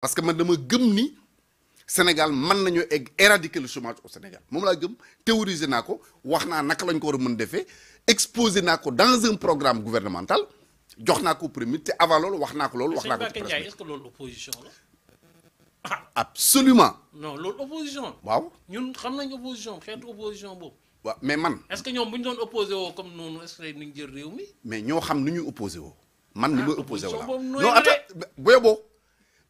parce que man dama gëm ni Sénégal mën nañu éradiquer le chômage au Sénégal Je laa gëm théoriser naa ko wax lañ ko exposé dans un programme gouvernemental jox ko premier te avant loolu wax naa ko est-ce que c'est opposition ah, absolument non l'opposition. opposition. waaw ñun xam opposition fait opposition bo. mais man. est-ce que nous bu doon comme nous, est-ce que ñu jël mais ñoo xam nu ñuy opposé woo. man ni ah, ma opposé la non attends booy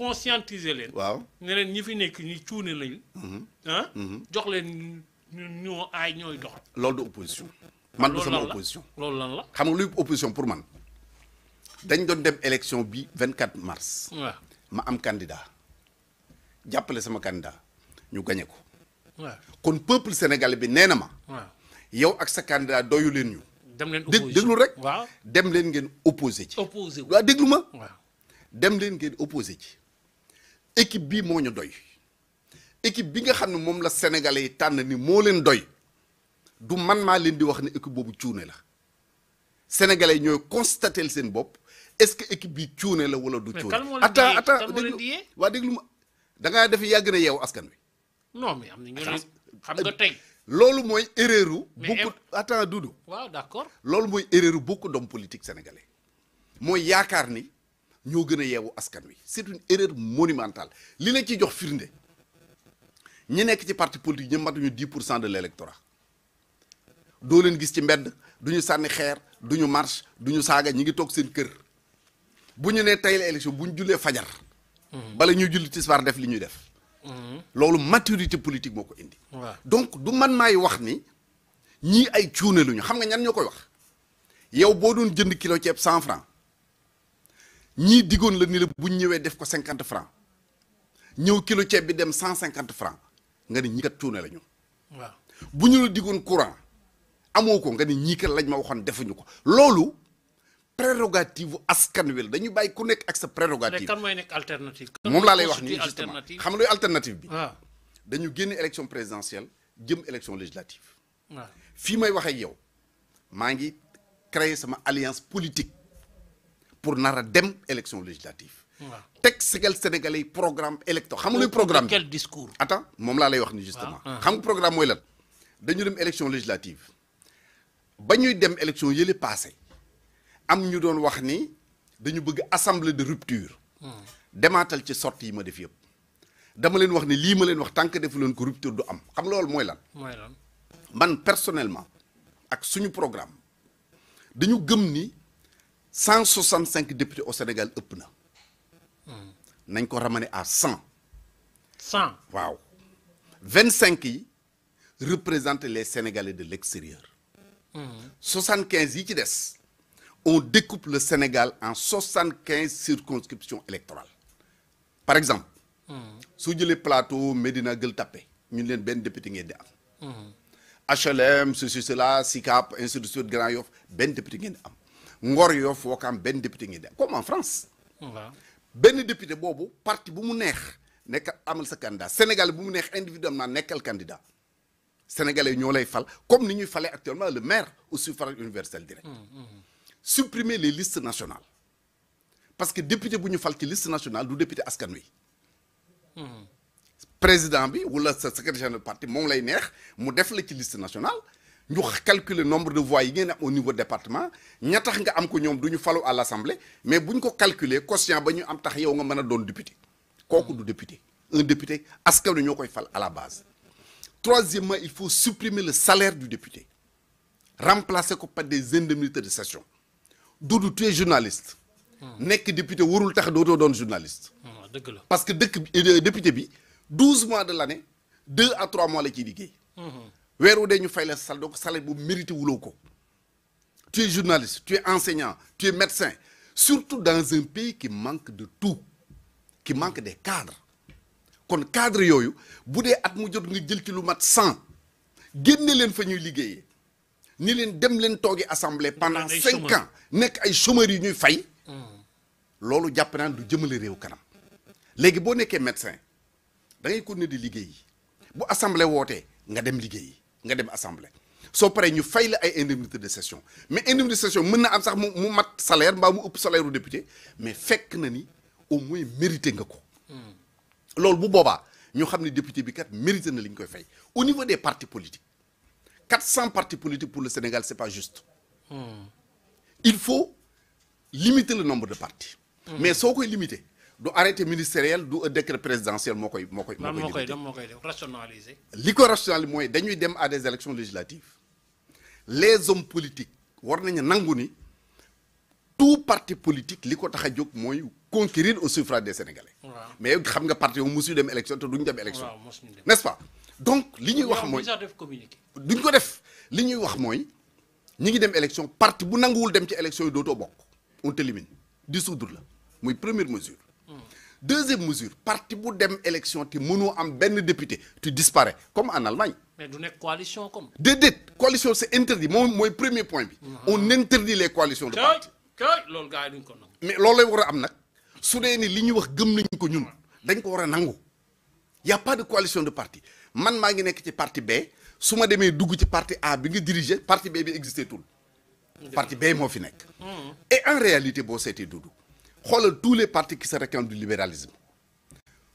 conscientiser leen. waaw ne leen ñi fi nekk ñi cuune lañu. Mhm. ah. Mhm. jox leen ñoo aay ñooy dox. loolu de opposition. man du sama opposition loolu lan la. xam nga luy opposition pour man dañ doon dem élection bi 24 mars. waaw ma am candidat jàppale sama candidat ñu gañe ko. waaw kon peuple sénégalais bi nee na ma. waaw yow ak sa candidat doyu leen ñu. dem leen opposition déglu rek. dem leen ngeen opposé ci. opposé déglu ma. dem leen ngeen opposé ci équipe bii moo ñu doy équipe bi nga xam ne moom la sénégalais yi tànn ni moo leen doy du man maa leen di wax ne équipe boobu cuune la sénégalais yi ñooy constaté seen bopp est-ce que équipe bi cuunee la wala du cuune attends attends déglu waa déglu ma dangaa def yàgg na yeewu askan wi non mais am na ñu xam tey loolu mooy erreur u beaucoup attends Doudou waaw d'accord loolu mooy erreur u beaucoup d'hommes politiques mooy yaakaar ni ñoo gën a yeewu askan wi c'est une erreur monumentale li la ciy jox firnde ñi nekk ci parti politique ñi matuñu 10 pour cent de l'électorat doo leen gis ci mbedd du ñu sànni xeer du ñu marche du ñu saaga ñi ngi toog seen kër bu ñu nee tey la bu ñu jullee fajar. Mhm. bala ñuy julli tisbaar def li ñuy def. Mhm. loolu maturité politique moo ko indi. donc du man maay wax ni ñii ay cuune lu ñu xam nga ñan ñoo koy wax yow boo doon jënd kilo ceeb cent francs Ni digone la ni la bu ñëwé def ko 50 francs ñëw kilo ceeb bi dem 150 francs nga ni ñii kat cuune la waaw bu ñu courant amoko nga ni ñii lañ ma waxon defuñu ko lolu prérogative askan wi dañu bàyyi ku nek ak sa prérogative. kan moy nek alternative. moom la lay wax ni justement xam lu alternative bi. waaw ah. dañu génné élection présidentielle jëm élection législative. waaw ah. fii may wax ak yow maa ngi créer sama alliance politique pour nara dem élection législative. Texte teg sénégalais programme électoral. xam programme quel discours. attends mom la lay wax ni justement. xam programme moy lan dañu dem élection législative ba dem élection yële passé am ñu doon wax ni dañu bëgg assemblée de rupture. Hmm. demaatal ci sortie yi ma def yeb dama leen wax ni li, ma leen wax tant que defu leen ko rupture du am xam lool moy lan. moy lan man personnellement ak suñu programme dañu gëm ni. 165 députés au Sénégal ëpp na. nañ à 100. 100 Wow. 25 représentent les Sénégalais de l'extérieur. 75 yi on découpe le Sénégal en 75 circonscriptions électorales. Par exemple, si vous plateau, Médina Gueltapé, nous avons ben député HLM, hmm. ceci, cela, SICAP, Institut de Grand Yoff, ben député qui am ngor yoo foo ko député ngi comme en France. waaw ben député bobu parti bu mu neex nek amal sa candidat Sénégal bu mu neex individuellement nekal candidat sénégalais ñoo lay fal comme ni ñuy actuellement le maire au suffrage universel direct. Mm, mm, mm. supprimer les listes nationales parce que député bu ñu fal ci liste nationale du député askan wi. président bi wala le secrétaire général parti mom lay neex mu def la ci liste nationale. Nous calculons le nombre de voix au niveau du département nous avons nga am ko à l'assemblée mais si ko calculer quotient ba ñu am tax yow nga député du député un député ce koy à la base troisièmement il faut supprimer le salaire du député remplacer ko par des indemnités de session Doudou tu es journaliste hmm. Nek député warul tax doto don journaliste hmm, parce que le euh, député 12 mois de l'année 2 à 3 mois la est weer wu dee ñu fay salaire bu mérité wuloo tu es journaliste tu es enseignant tu es médecin surtout dans un pays qui manque de tout qui manque des cadres kon cadre yooyu bu dee at mu jot nga jël ci lu mat cent génne leen fa ñuy liggéeyee ni len dem len togué assemblée pendant cinq ans nek ay chômeurs yi ñuy fay hmm. loolu japp naan du jëmale réew kanam légui bo nekkee médecin da ngay continuer di liggéey bu assemblée woté nga dem liggéeyi nga dem assemblée so paree ñu fay la ay indemnité de session mais indemnité de session mën na am sax mu mat salaire ou mu salaire député mais fekk na ni au moins mérité nga ko. Hmm. lool bu boba ñu xamni député bi kat mérité na au niveau des partis politiques 400 partis politiques pour le Sénégal c'est pas juste. Hmm. il faut limiter le nombre de partis. Hmm. mais soo limiter du arrêté ministériel du décret présidentiel moo koy moo koy moo koy rationaliser liko rationaliser moy dañuy dem à des élections législatives les hommes politiques war nañ nangu ni tout parti politique liko ko tax a conquérir au suffrage des sénégalais mais xam nga parti moom musu dem élection te duñu dem élection n'est-ce pas donc liñuy wax moy duñ ko def liñuy wax moy ñi ngi dem élection parti bu nanguwul dem ci élection yi bok on t'élimine dissoudre la moy première mesure deuxième mesure parti bu dem élection te mënoo am ben député tu disparais comme en Allemagne. mais d'une coalition comme. déedéet coalition c'est interdit Mon premier point on interdit les coalitions de parti. kay loolu gars yi ko mais l'olé lay war am nak, soudé ni liñu wax gëm nañ ko ñun dañ ko wara a Il y' a pas de coalition de parti man ma ngi nek ci parti B suma démé dugg ci parti A bi nga diriger parti B bi existé tout. parti B mo fi nek. et en réalité c'est c'était Doudou tous les partis qui se réclament du libéralisme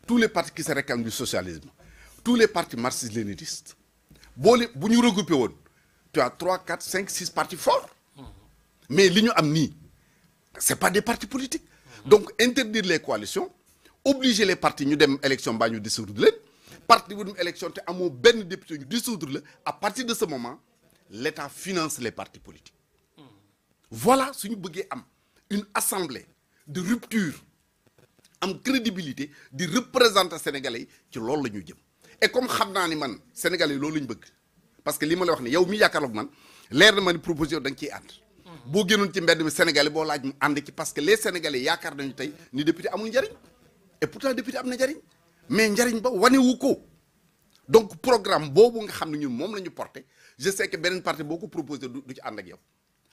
tous les partis qui se réclament du socialisme tous les partis marxistes-léninistes Si nous bu ñu tu as 3, 4, 5, 6 partis forts mais ce n'est pas des partis politiques donc interdire les coalitions obliger les partis ñu dem élection dissoudre leen parti élection député à partir de ce moment l'État finance les partis politiques voilà ce suñu nous am une assemblée de rupture am crédibilité di représenter sénégalais ci loolu la ñu jëm et comme xam naa ni man sénégalais loolu la bëgg parce que li ma la wax ni yow mi yaakaaroon man leer na ma ni proposition da nga ciy ànd. boo génnoon ci mbedd mi sénégalais boo laaj mu ànd ci parce que les sénégalais yaakaar nañu tey ni député amul njariñ et pourtant député am na njariñ mais njariñ ba wanewu ko donc programme boobu nga xam ne ñun moom la ñu porté je sais que beneen parti boo ko proposé du ci ànd ak yow.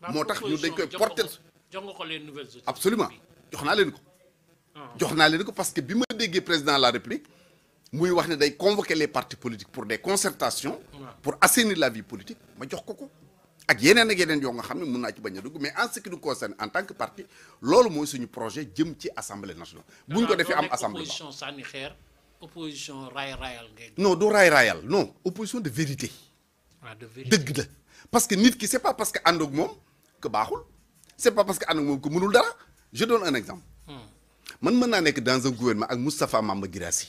moo tax ñu dañ koy porté jox ko les nouvelles absolument jox naa ko. ko parce que bi dégué président de la république muy wax ne day convoquer les partis politiques pour des concertations. pour assainir la vie politique ma jox ko ko. ak yeneen ak yeneen yoo nga xam ne ci bañ mais en ce qui nous concerne en tant que parti loolu mooy suñu projet jëm ci assemblée nationale. Ah, buñ ko defee am assemblée opposition sànni xeer opposition raay raayal non du raay raayal non opposition de vérité. waaw ah, de vérité dëgg la parce que nit ki c'est pas parce que ànd ak que baaxul c'est pas parce que ànd ak que mënul dara je donne un exemple man mën suis dans un gouvernement avec Moustapha Mamba Girassi.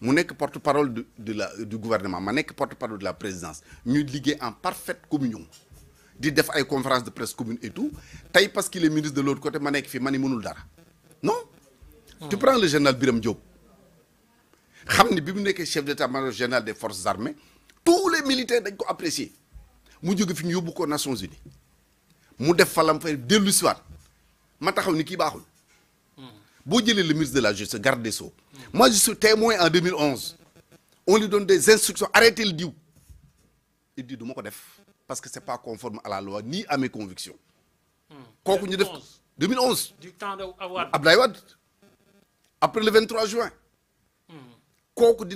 mu suis porte-parole du gouvernement Je suis porte-parole de la présidence Nous liggéey en parfaite communion di def une conférence de presse commune et tout tey parce qu'il est ministre de l'autre côté suis nekk fii de ni mënul dara non tu hmm. prends le général Birame Diop xam ne chef d'état-major général des forces armées tous les militaires dañ ko apprécier mu jóge fi ñu yóbbu ko Nations Unies mu def falam fay Hmm. de la justice moi je suis témoin en 2011. on lui donne des instructions arrêtez le dieu. il dit je parce que ce n'est pas conforme à la loi ni à mes convictions. 2011. Hmm. du temps de après le 23 juin. Hmm.